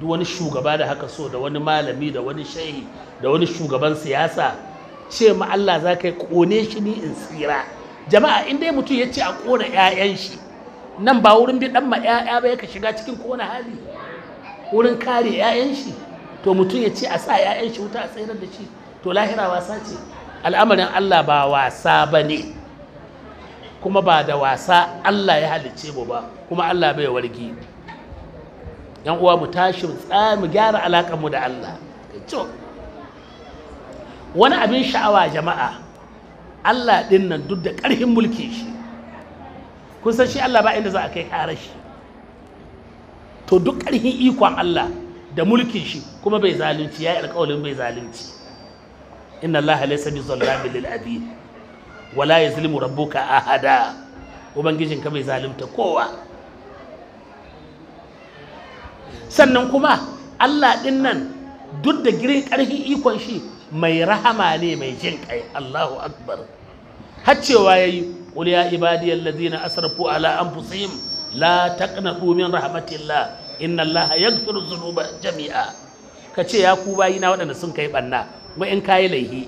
duk wani shugaba da haka so da wani malami da wani shehi da wani shugaban siyasa ce ma Allah za ka yi kone shi ni in tsira jama'a in dai mutum ya ce a kona 'ya'yan shi nan ba wurin bi dan ma 'ya'ya ba ka shiga cikin kona hali wurin kare 'ya'yan shi to mutum ya ce a sa 'ya'yan shi wuta a tsirar da shi to lahira wasa ce al'amarin Allah ba wasa ba ne kuma ba da wasa Allah ya halicce mu ba kuma Allah bai wargi yan uwa mu tashi mu mu gyara alaƙar mu da Allah to wani abin sha'awa jama'a Allah din nan duk da ƙarfin mulki shi kun san shi Allah ba inda za a kai ƙarar shi to duk ƙarfin ikon Allah da mulkin shi kuma bai zalunci ya yi alƙawalin bai zalunci inna Allah laysa bi zallamin lil abid wala yazlimu rabbuka ahada ubangijinka bai zalunta kowa sannan kuma Allah ɗin nan duk da girin ƙarfi ikon shi mai rahama ne mai jin kai Allahu akbar har cewa yayi qul ya ibadiyal ladina asrafu ala anfusihim la taqnatu min rahmatillah inna Allah yaghfiru dhunuba jami'a kace ya ku na waɗanda sun kai banna kuma in kayi laihi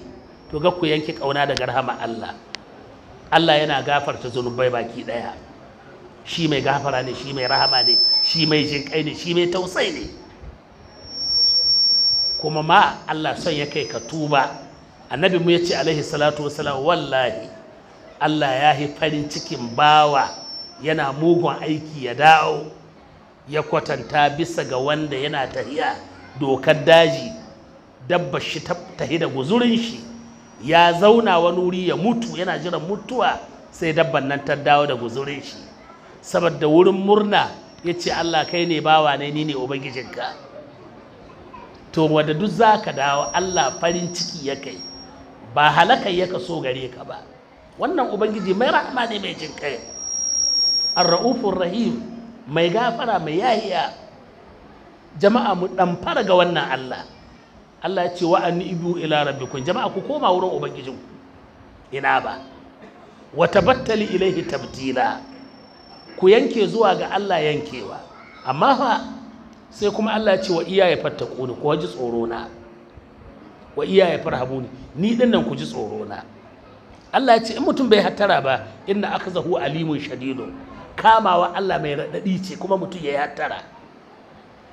to ga ku yanke kauna daga rahama Allah Allah yana gafarta zunubai baki ɗaya. shi mai gafara ne shi mai rahama ne shi mai jin kai ne shi mai tausai ne kuma ma Allah son ya kai ka tuba annabi mu yace alaihi salatu wassalam wallahi Allah ya yi farin cikin bawa yana mugun aiki ya dawo ya kwatanta bisa ga wanda yana tahiya dokar daji dabba shi tahi da guzurin shi ya zauna wani wuri ya mutu yana jiran mutuwa sai dabban nan ta dawo da guzurin shi saboda wurin murna ya ce Allah kai ne bawa ne ni ne ubangijinka to wadda duk za ka dawo Allah farin ciki ya kai ba halakai ya kaso gare ka ba wannan ubangiji mai rahama ne mai jin kai ar-ra'ufur rahim mai gafara mai yahiya jama'a mu dan fara ga wannan Allah Allah ya ce wa an ibu ila rabbikum jama'a ku koma wurin ubangijinku ina ba wa tabattali ilaihi tabtila ku yanke zuwa ga Allah yankewa amma fa sai kuma Allah ce wa iyaye fattaku ni ku ji tsoro na wa iyaye farhabuni ni din nan ku ji tsoro na Allah ya ce in mutum bai hattara ba inna akhazahu alimun shadidun kamawa Allah mai radadi ce kuma mutum ya hattara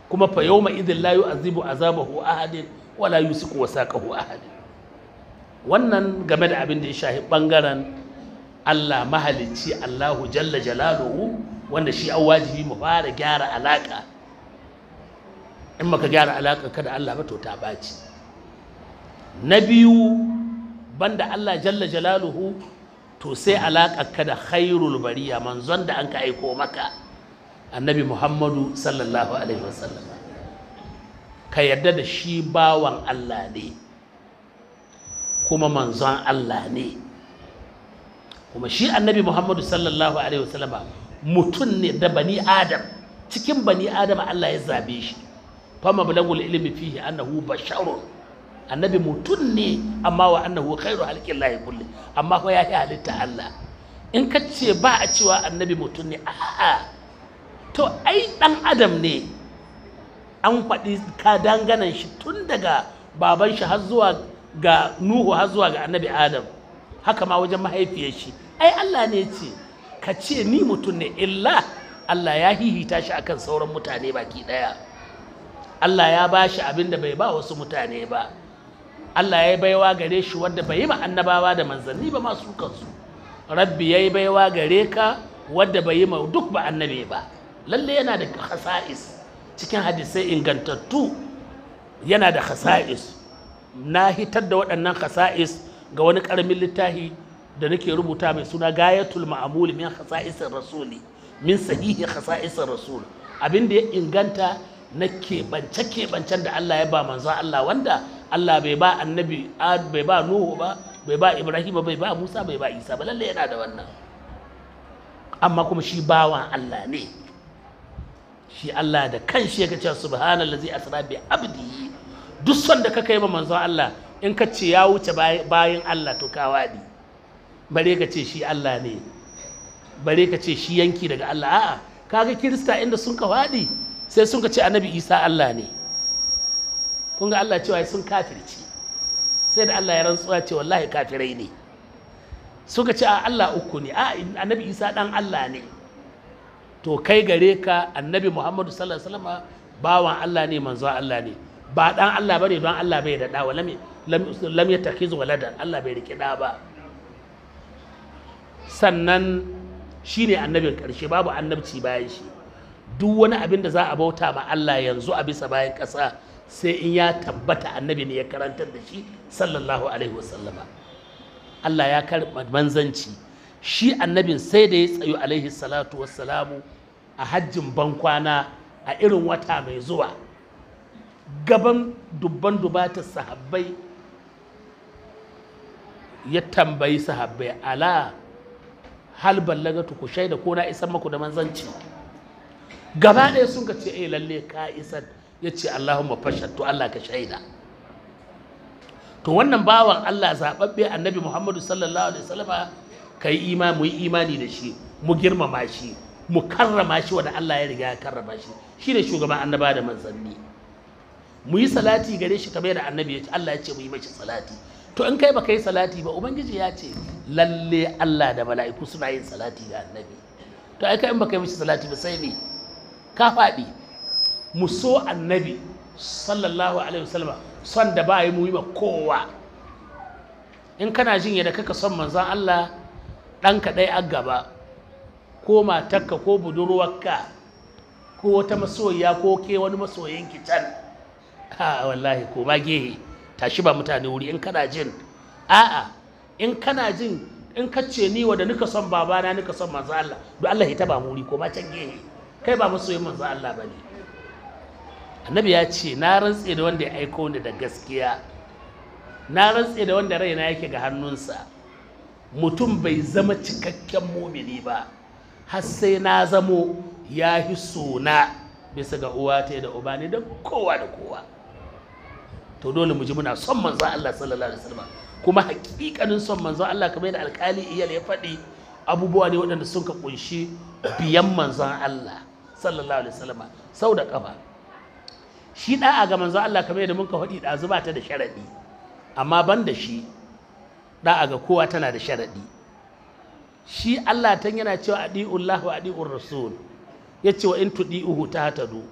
kuma fa yawma idhil la yu'azibu azabahu ahadin wala yusiku wasaqahu ahadin wannan game da abin da ya shahi bangaren Allah mahalicci Allahu jalla jalaluhu wanda shi an wajibi mu fara gyara alaka in maka gyara alaka kada Allah ba to ta baci na biyu banda Allah jalla jalaluhu to sai alaka kada khairul bariya manzon da an ka aiko maka annabi Muhammadu sallallahu alaihi wasallam ka yarda da shi bawan Allah ne kuma manzon Allah ne kuma shi annabi muhammadu sallallahu alaihi wasallam mutum ne da bani adam cikin bani adam Allah ya zabe shi fama bulagul ilmi fihi annahu basharun annabi mutum ne amma wa annahu khairu halqillahi kulli amma fa ya halitta Allah in ka ce ba a cewa annabi mutum ne a'a to ai dan adam ne an faɗi ka danganan shi tun daga baban shi har zuwa ga Nuhu har zuwa ga annabi Adam haka ma wajen mahaifiyar shi ai Allah ne ce ka ce ni mutum ne illa Allah ya hihita shi akan sauran mutane baki daya Allah ya ba shi abin da bai ba wasu mutane ba Allah ya yi baiwa gare shi wanda bai yi ba annabawa da manzanni ba masu kansu rabbi ya yi baiwa gare ka wadda bai yi ma duk ba annabi ba lalle yana da khasa'is cikin hadisai ingantattu yana da khasa'is na hitar da waɗannan khasa'is ga wani ƙaramin littafi da nake rubuta mai suna gayatul ma'amuli min khasa'isir rasuli min sahihi khasa'isir rasul abin da ya inganta na keɓance keɓancen da Allah ya ba manzon Allah wanda Allah bai ba annabi bai ba Nuhu ba bai ba Ibrahim bai ba Musa bai ba Isa ba lalle yana da wannan amma kuma shi bawan Allah ne shi Allah da kanshi yake cewa subhanallazi asra bi abdihi duk sanda da ka kai ma manzon Allah in ka ce ya wuce bayan Allah to ka wadi bare ka ce shi Allah ne bare ka ce shi yanki daga Allah a'a kaga kirista inda sun ka wadi sai sun ka ce annabi isa Allah ne kun ga Allah cewa sun kafirci sai da Allah ya rantsuwa ce wallahi kafirai ne suka ce a Allah uku ne a annabi isa dan Allah ne to kai gare ka annabi muhammadu sallallahu alaihi wasallam bawan Allah ne manzo Allah ne ba dan Allah bane don Allah bai da da wala lam lam yatakhiz waladan Allah bai rike da ba sannan shi ne annabin ƙarshe babu annabci bayan shi duk wani abin da za a bauta ma Allah yanzu a bisa bayan ƙasa sai in ya tabbata annabi ne ya karantar da shi sallallahu alaihi wasallama Allah ya karɓa manzanci shi annabin sai da ya tsayu alaihi salatu wassalamu a hajjin bankwana a irin wata mai zuwa gaban dubban dubata sahabbai ya tambayi sahabbai ala hal ballagatu ku shaida ko na isan maku da manzanci gaba ɗaya sun ce eh lalle ka isan ya ce Allahumma fashad to Allah ka shaida to wannan bawan Allah zaɓaɓɓe annabi Muhammadu sallallahu alaihi wasallama ka yi imani mu yi imani da shi mu girmama shi mu karrama shi wanda Allah ya riga ya karrama shi shi ne shugaban annaba da manzanni mu yi salati gare shi kamar da annabi ya ce Allah ya ce mu yi mashi salati to in kai baka yi salati ba ubangiji ya ce lalle Allah da mala'iku suna yin salati ga annabi to ai kai in baka yi mishi salati ba sai me ka faɗi mu so annabi sallallahu alaihi wasallam son da ba yi mu yi ba kowa in kana jin yadda kaka son manzon Allah ɗanka ɗaya gaba ko matarka ko budurwarka ko wata masoyiya ko ke wani masoyinki can ha wallahi ko ba gehe tashi ba mutane wuri in kana jin a'a in kana jin in ka ce ni wanda nika son babana nika son manzo Allah don Allah ya taba muri ko ma can gehe kai ba masoyin manzo Allah ba ne? annabi ya ce na rantse da wanda ya aiko ni da gaskiya na rantse da wanda raina yake ga hannunsa mutum bai zama cikakken mumini ba har sai na zamo ya hi bisa ga uwa ta da uba ne da kowa da kowa to dole mu ji muna son manzon Allah sallallahu alaihi wasallam kuma hakikanin son manzon Allah kamar da alkali iyal ya faɗi abubuwa ne waɗanda sun ka kunshi biyan manzon Allah sallallahu alaihi wasallam sau da kafa shi a ga manzon Allah kamar yadda ka faɗi da zuba ta da sharadi amma ban da shi da'a ga kowa tana da sharadi shi Allah tan yana cewa adi'ullah wa adi'ur rasul yace wa in tudi'uhu tahtadu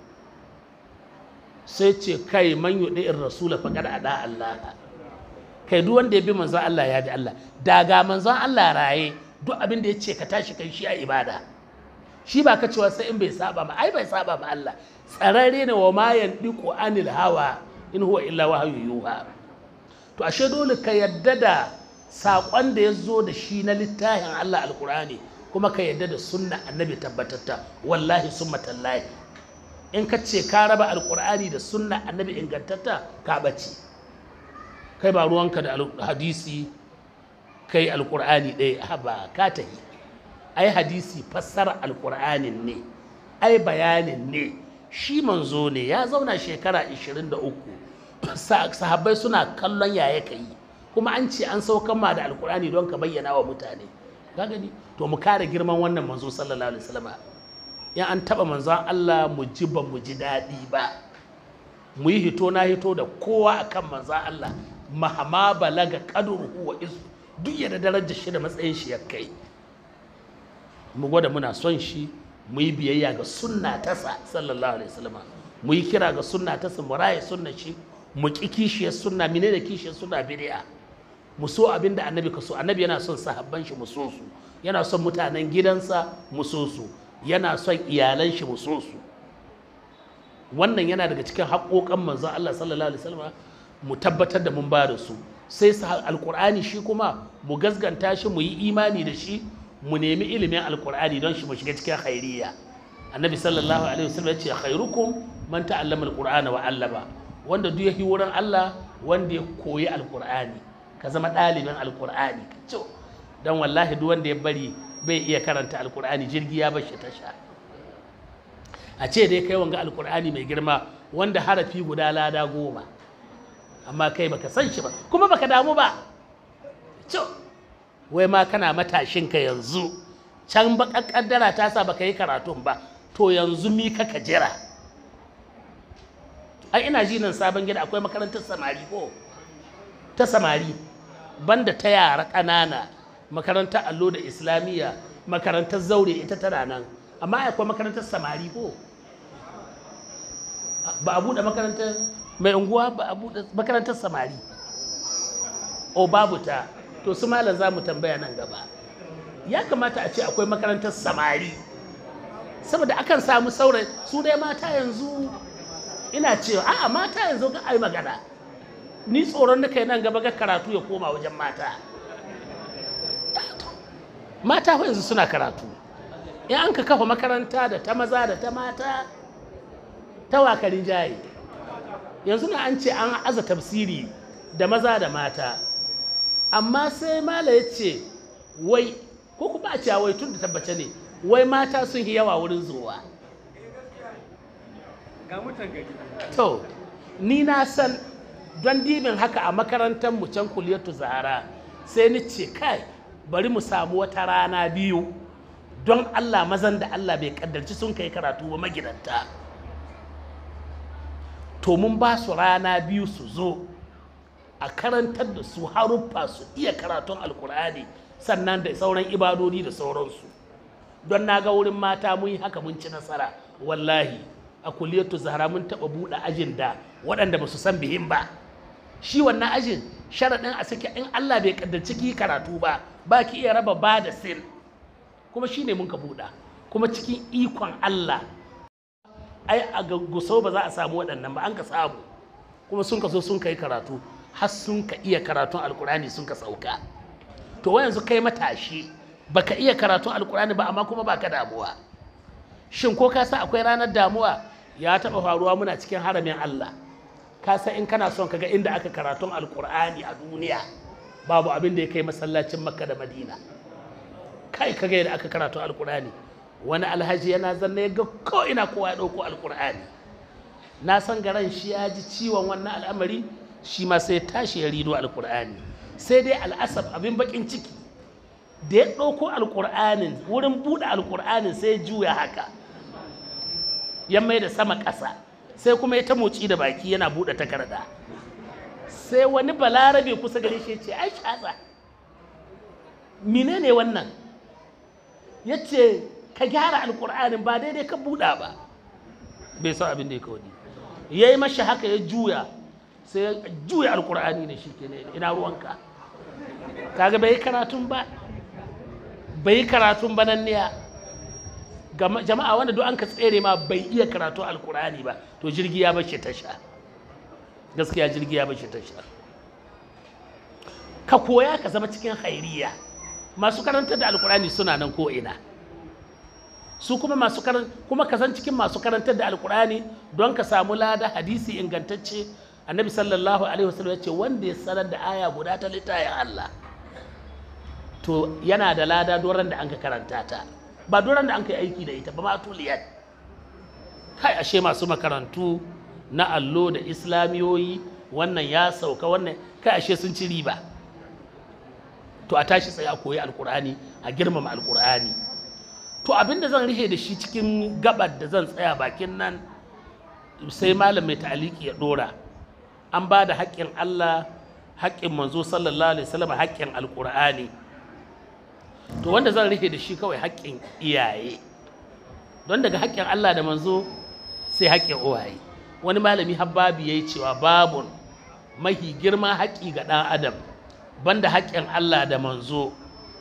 sai ce kai man yi in rasula a da Allah kai duk wanda ya bi manzon Allah ya bi Allah daga manzon Allah raye duk abin da ya ce ka tashi kai shi a ibada shi ba ka cewa sai in bai saba ma ai bai saba ma Allah tsararre ne wa mayan diku anil hawa in huwa illa wahayu yuha to ashe dole ka yadda da saƙon da ya zo da shi na littafin Allah Alƙurani kuma ka yadda da sunna annabi tabbatatta wallahi summa tallahi in ka ce ka raba alkur'ani da sunna annabi ingantatta ka bace kai ba ruwanka da hadisi kai alkur'ani ɗaya ba ka tahi ai hadisi fassara alkur'anin ne ai bayanin ne shi manzo ne ya zauna shekara 23 sahabbai suna kallon yaya ka yi kuma an ce an saukan ma da alkur'ani don ka bayyana wa mutane ka gani to mu kare girman wannan manzo sallallahu alaihi wasallam in an taɓa manzon Allah mu ji ba mu ji daɗi ba mu yi hito na hito da kowa akan manzon Allah mahama balaga kadruhu wa isu. duk yadda darajar shi da matsayin shi ya kai mu gwada muna son shi mu yi biyayya ga sunna tasa sallallahu alaihi wasallam mu yi kira ga sunna tasa mu raye sunna shi mu ki kishiyar sunna mine da kishiyar sunna bid'a mu so abin da annabi ka so annabi yana son sahabban shi mu so su yana son mutanen gidansa mu so su yana son iyalan shi mu so su wannan yana daga cikin haƙoƙan manzo Allah sallallahu alaihi wasallam mu tabbatar da mun ba da su sai alkur'ani shi kuma mu gasganta shi mu yi imani da shi mu nemi ilimin alkur'ani don shi mu shiga cikin khairiyya annabi sallallahu alaihi wasallam ya ce khairukum man ta'allama alqur'ana wa 'allama wanda duk yake wurin Allah wanda ya koyi alkur'ani ka zama ɗalibin alkur'ani dan wallahi duk wanda ya bari bai iya karanta alkur'ani jirgi ya bashi tasha a ce dai kai wanga alkur'ani mai girma wanda harafi guda lada goma amma kai baka san shi ba kuma baka damu ba wai ma kana matashin ka yanzu can baka kaddara ta sa baka yi karatun ba to yanzu mi ka jira ai ina ji nan sabon gida akwai makarantar samari ko ta samari banda ta yara ƙanana makarantar allo da islamiyya makarantar zaure ita tana nan amma akwai makarantar samari ko ba a buɗe makarantar mai unguwa ba a buɗe makarantar samari o babu ta to su malam za mu tambaya nan gaba ya kamata a ce akwai makarantar samari saboda akan samu saurayi su dai mata yanzu ina cewa a'a mata yanzu ga ai magana ni tsoron da kai nan gaba ga karatu ya koma wajen mata mata yanzu suna karatu in an ka kafa makaranta da ta maza da ta mata ta wakarin jaye yanzu na an ce an aza tafsiri da maza da mata amma sai mala ya ce wai ko kuma a cewa wai tun da tabbace ne wai mata sun yi yawa wurin zuwa to ni na san don dibin haka a makarantar mu can kuliyatu zahara sai ni ce kai bari mu samu wata rana biyu don Allah mazan da Allah bai kaddarci sun kai karatu ba magidanta to mun ba su rana biyu su zo a karantar da su haruffa su iya karatun alkur'ani sannan da sauran ibadodi da sauransu don na ga wurin mata mun yi haka mun ci nasara wallahi a kuliyatu zahra mun taɓa buɗe ajin da waɗanda ba su san bihin ba shi wannan ajin sharaɗin a sake in Allah bai kaddace ki karatu ba ba ki iya raba ba da sin kuma shine mun ka buɗa kuma cikin ikon Allah ai a gusau ba za a samu waɗannan ba an ka samu kuma sun ka so sun kai karatu har sun ka iya karatun alkurani sun ka sauka to wa yanzu kai matashi baka iya karatun alkurani ba amma kuma baka damuwa shin ko ka sa akwai ranar damuwa ya taɓa faruwa muna cikin haramin Allah ka san in kana son ga inda aka karatun alkur'ani a duniya babu abin da ya kai masallacin makka da madina kai kaga yadda aka karatun alkur'ani wani alhaji yana zanna ya ga ko ina kowa ya ɗauko alkur'ani na san garan shi ya ji ciwon wannan al'amari shi ma sai tashi ya rido alkur'ani sai dai al'asab abin bakin ciki da ya ɗauko alkur'anin wurin buɗe alkur'anin sai ya juya haka ya mai da sama ƙasa sai kuma ya ta motsi da baki yana buɗe takarda sai wani balarabe kusa gare shi ce ai mine menene wannan yace ka gyara alkur'anin ba daidai ka buɗa ba bai san abin da ya kawai ya yi mashi haka ya juya sai juya alkur'ani ne shi ke ina ruwanka kaga bai karatun ba bai karatun ba nan niya jama'a wanda duk an ka tsere ma bai iya karatu alkur'ani ba to jirgi ya bace sha gaskiya jirgi ya bace sha ka koya ka zama cikin hairiya masu karanta da alkur'ani suna nan ko ina su kuma masu karanta kuma ka san cikin masu karanta da alkur'ani don ka samu lada hadisi ingantacce annabi sallallahu alaihi wasallam ya ce wanda ya sanar da aya guda ta littafin Allah to yana da lada doran da an ka karanta ta ba doron da an kai aiki da ita ba ma tuliyat kai ashe masu makarantu na allo da islamiyoyi wannan ya sauka wannan kai ashe sun ci riba to a tashi tsaye a koyi alkur'ani a girmama alkur'ani to abin da zan rihe da shi cikin gabar da zan tsaya bakin nan sai malam mai ta'aliki ya dora an ba da haƙƙin allah haƙƙin manzo sallallahu alaihi wasallam haƙƙin alkur'ani to wanda zan rufe da shi kawai haƙƙin iyaye don daga haƙƙin Allah da manzo sai haƙƙin uwaye wani malami habbabi yayi cewa babu mahi girma haƙƙi ga ɗan adam banda haƙƙin Allah da manzo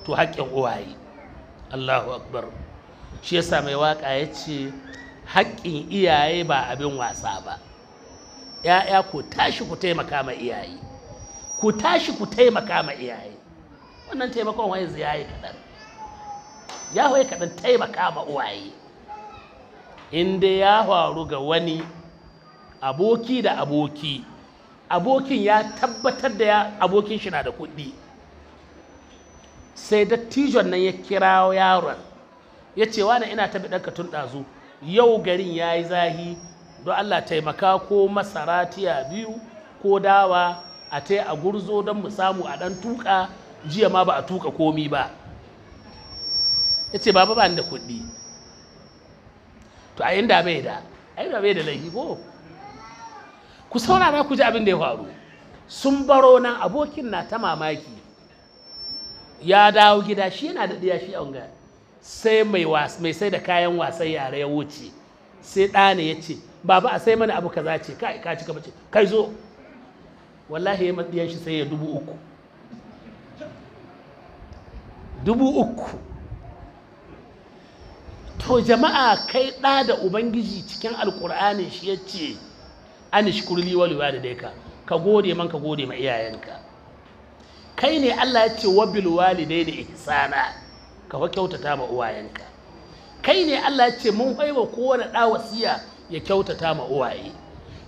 to haƙƙin uwaye Allahu akbar shi yasa mai waka yace ce haƙƙin iyaye ba abin wasa ba ‘ya'ya ku tashi ku taimaka ma iyaye ku tashi ku taimaka ma iyaye wannan taimakon wa yanzu yayi kaɗan ya hoye kaɗan taimaka ma uwaye in dai ya faru ga wani aboki da aboki abokin ya tabbatar da ya abokin shi na da kuɗi sai dattijon nan ya kira yaron ya ce wani ina tafi ɗanka tun ɗazu yau garin ya yi zahi don Allah taimaka ko masara tiya biyu ko dawa a ta a gurzo don mu samu a ɗan tuƙa jiya ma ba a tuka komi ba ya ce baba ba ni da kuɗi to a inda bai da a inda bai da laifi ko ku saurara ku ji abin da ya faru sun baro nan abokin na ta mamaki ya dawo gida shi yana da ɗiya shi a wanga sai mai sai da kayan wasan yare ya wuce sai ɗa ne ya ce baba a sai mana abu kaza ce ka cika bace kai zo wallahi ya matsiyan shi sai ya dubu uku dubu uku to jama'a kai ɗa da ubangiji cikin alkur'ani shi ya ce an shukurli da walidayka ka gode man ka gode ma iyayenka kai ne Allah ya ce wabil walidai da ihsana ka wa kyautata ma uwayenka kai ne Allah ya ce mun haiwa kowane ɗa wasiya ya kyautata ma uwaye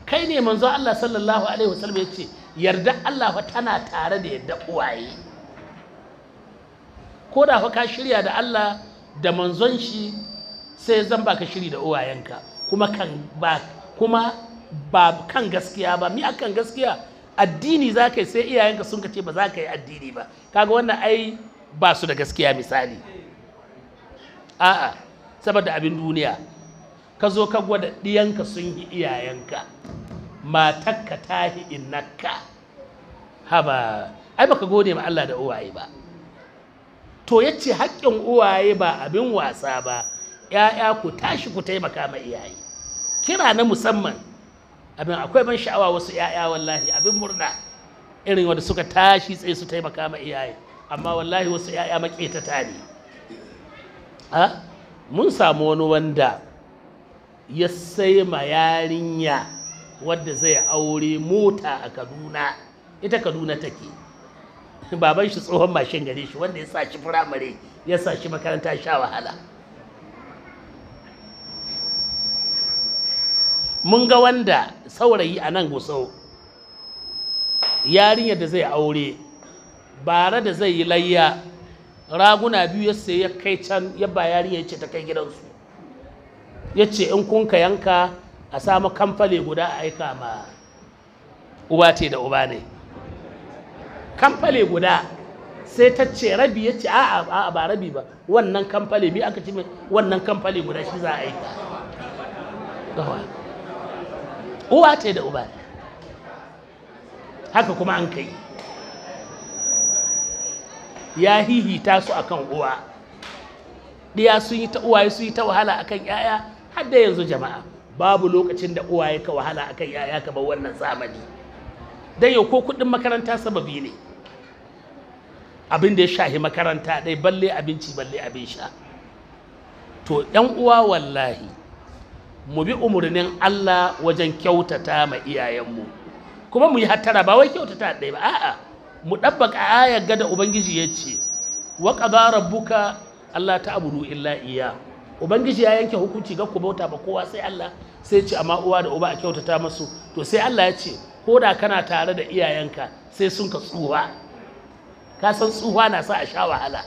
kai ne manzo Allah sallallahu alaihi wasallam ya ce yarda Allah fa tana tare da yadda uwaye ko da fa ka shirya da Allah da manzon shi sai zan baka shiri da uwayenka kuma kan ba kuma ba kan gaskiya ba mi akan gaskiya addini za ka yi sai iyayenka sun ka ce ba za ka yi addini ba kaga wannan ai ba su da gaskiya misali a'a saboda abin duniya ka zo ka gwada ɗiyanka sun yi iyayenka matakka ta yi innaka haba ai baka gode ma Allah da uwaye ba to ya ce haƙƙin uwaye ba abin wasa ba ‘ya'ya ku tashi ku taimaka ma iyaye kira na musamman abin akwai ban sha'awa wasu ‘ya'ya wallahi abin murna irin wanda suka tashi tsaye su taimaka ma iyaye amma wallahi wasu ‘ya'ya maƙetata ne mun samu wani wanda ya sai ma yarinya wadda zai aure mota a kaduna ita kaduna take baban shi tsohon mashin gare shi wanda ya sa shi firamare ya sa shi makaranta sha wahala mun ga wanda saurayi a nan gusau yarinyar da zai aure bara da zai yi layya raguna biyu ya sai ya kai can ya ba yarinyar ce ta kai gidansu ya ce in kun ka yanka a samu kamfale guda a aika ma uba ce da uba ne kamfale guda sai ta ce rabi ya ce a'a ba rabi ba wannan kamfale bi aka ce wannan kamfale guda shi za a yi gawa uwa ce da uba haka kuma an kai ya hihita su akan uwa ɗiya sun yi ta uwaye sun yi ta wahala akan yaya har da yanzu jama'a babu lokacin da uwaye ka wahala akan yaya kamar wannan zamani don yau ko kuɗin makaranta sababi ne abin da ya shahi makaranta dai balle abinci balle abin sha to yan uwa wallahi mu bi umarnin Allah wajen kyautata ma iyayenmu kuma mu yi hattara ba wai kyautata ɗaya ba a'a mu ɗabbaka ayar gada ubangiji ya ce wa qada rabbuka Allah ta'budu illa iya ubangiji ya yanke hukunci ga ku bauta ba kowa sai Allah sai ce amma uwa da uba a kyautata masu to sai Allah ya ce ko da kana tare da iyayenka sai sun ka tsuwa ka san tsuwa na sa a sha wahala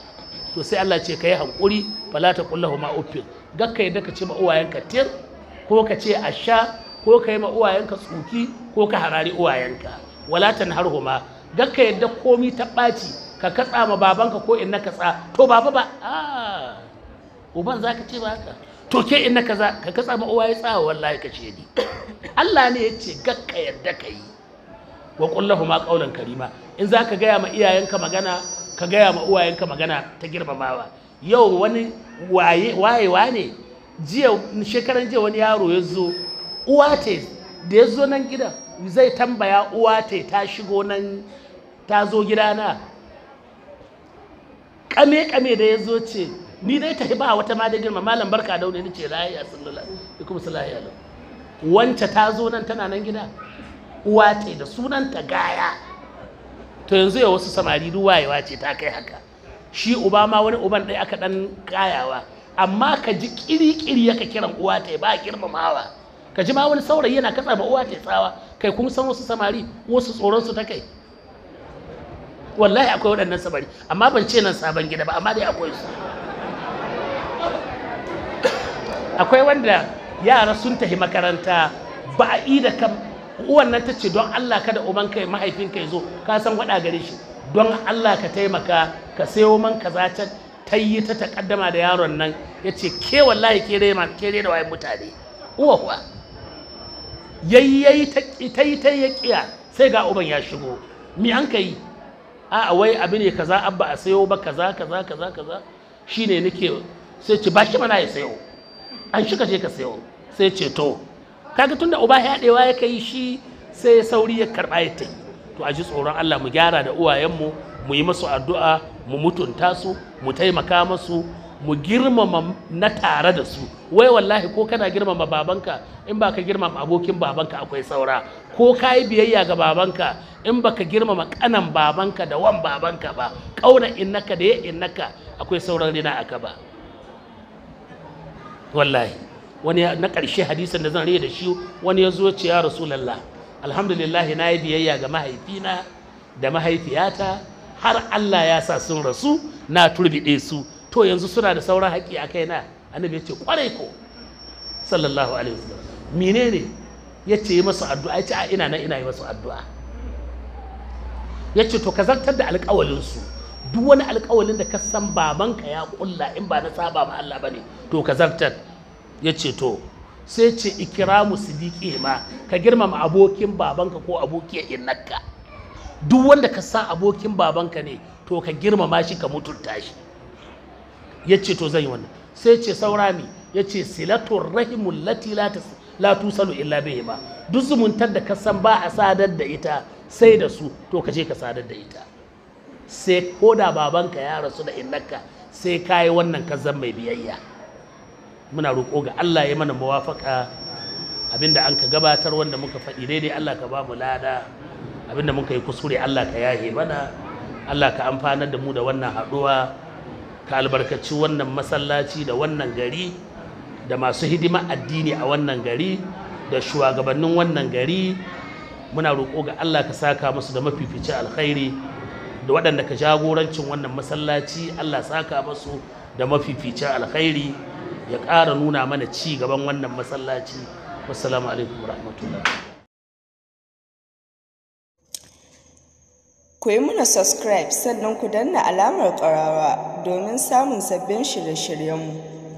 to sai Allah ce kai hankuri bala ta kullahu ma uffin gakka yadda ka ce ma uwayenka tir ko ka ce a sha ko ka yi ma uwayenka tsuki ko ka harari uwayenka wala tanharhuma gakka yadda komi ta ɓaci ka katsa ma babanka ko in na katsa to baba ba a uban zaka ce ba haka to ke ina kaza ka katsa ma uwa ya tsawa wallahi ka ce ni Allah ne ya ce gakka yadda ka yi wa kullahu ma qaulan karima in za ka gaya ma iyayenka magana ka gaya ma uwayenka magana ta girmamawa yau wani waye wayewa ne jiya shekaran jiya wani yaro ya zo uwa ce da ya zo nan gidan zai tambaya uwa ce ta shigo nan ta zo gidana kame-kame da ya zo ce ni dai ta ba wata ma da girma malam barka da wani ce lahiya sallallahu alaihi kuma sallallahu wance ta zo nan tana nan gida uwa ce da sunan ta gaya to yanzu ya wasu samari ruwayewa ce ta kai haka shi uba ma wani uban ɗaya aka ɗan kayawa amma ka ji kiri-kiri yaka kiran uwa ta ba girmamawa ka ji ma wani saurayi yana katsa ma uwa ta tsawa kai kun san wasu samari wasu tsoron su ta kai wallahi akwai waɗannan samari amma ban ce nan sabon gida ba amma dai akwai su akwai wanda yara sun tafi makaranta ba a yi da kan uwan nan ta ce don Allah kada uban kai mahaifin kai zo ka san wada gare shi don Allah ka taimaka ka sayo man ka ta ta yi ta takaddama da yaron nan ya ce ke wallahi ke rema ke da wayan mutane uwa kuwa yayyayi ta yi ta yakiya sai ga uban ya shigo mi an kai a wai abu ne kaza abba a sayo ba kaza kaza kaza kaza shine nake sai ce ba shi mana ya sayo an shi ka je ka sayo sai ceto kaga tunda uba yaɗewa ya kai shi sai sauri ya karba ya ta to a ji tsoron Allah mu gyara da uwayenmu mu yi masu addu'a mu mutunta su mu taimaka masu mu girmama na tare da su wai wallahi ko kana girmama babanka in ba ka girmama abokin babanka akwai saura ko ka yi biyayya ga babanka in ba ka girmama kanan babanka da wan babanka ba ƙauna innaka da ya innaka akwai sauran rina aka ba wallahi wani na ƙarshe hadisan da zan rage da shi wani ya zo ce ya rasulallah alhamdulillah na yi biyayya ga mahaifina da mahaifiyata har Allah ya sa sun rasu na turbiɗe su to yanzu suna da sauran haƙi a na annabi ya ce ƙwarai ko sallallahu alaihi wasallam menene ya ce yi masu addu'a ya ce a ina na ina yi masu addu'a ya ce to ka zartar da alƙawalinsu duk wani alƙawalin da ka san babanka ya ƙulla in ba na saba ma Allah ba ne to ka zartar ya ce to sai ce ikiramu sidiki ma ka girmama abokin babanka ko abokiyar innaka duk wanda ka sa abokin babanka ne to ka girmama shi ka mutunta shi ya ce to zan yi wannan sai ce saura ya ce silatun rahimun lati la tusalu illa bihi ba duk zumuntar da ka san ba a sadar da ita sai da su to ka je ka sadar da ita sai ko da babanka ya rasu da innaka sai kayi wannan kazan mai biyayya muna roƙo ga Allah ya mana mawafaka abinda an ka gabatar wanda muka faɗi daidai Allah ka ba mu lada abinda muka yi kuskure Allah ka yahe mana Allah ka amfanar da mu da wannan haɗuwa ka albarkaci wannan masallaci da wannan gari da masu hidima addini a wannan gari da shugabannin wannan gari muna roƙo ga Allah ka saka musu da mafifici alkhairi da waɗanda ka jagorancin wannan masallaci Allah saka musu da mafificin alkhairi ya ƙara nuna mana ci gaban wannan masallaci wassalamu alaikum rahmatullah ku yi muna subscribe sannan ku danna alamar ƙarawa domin samun sabbin shirye-shiryenmu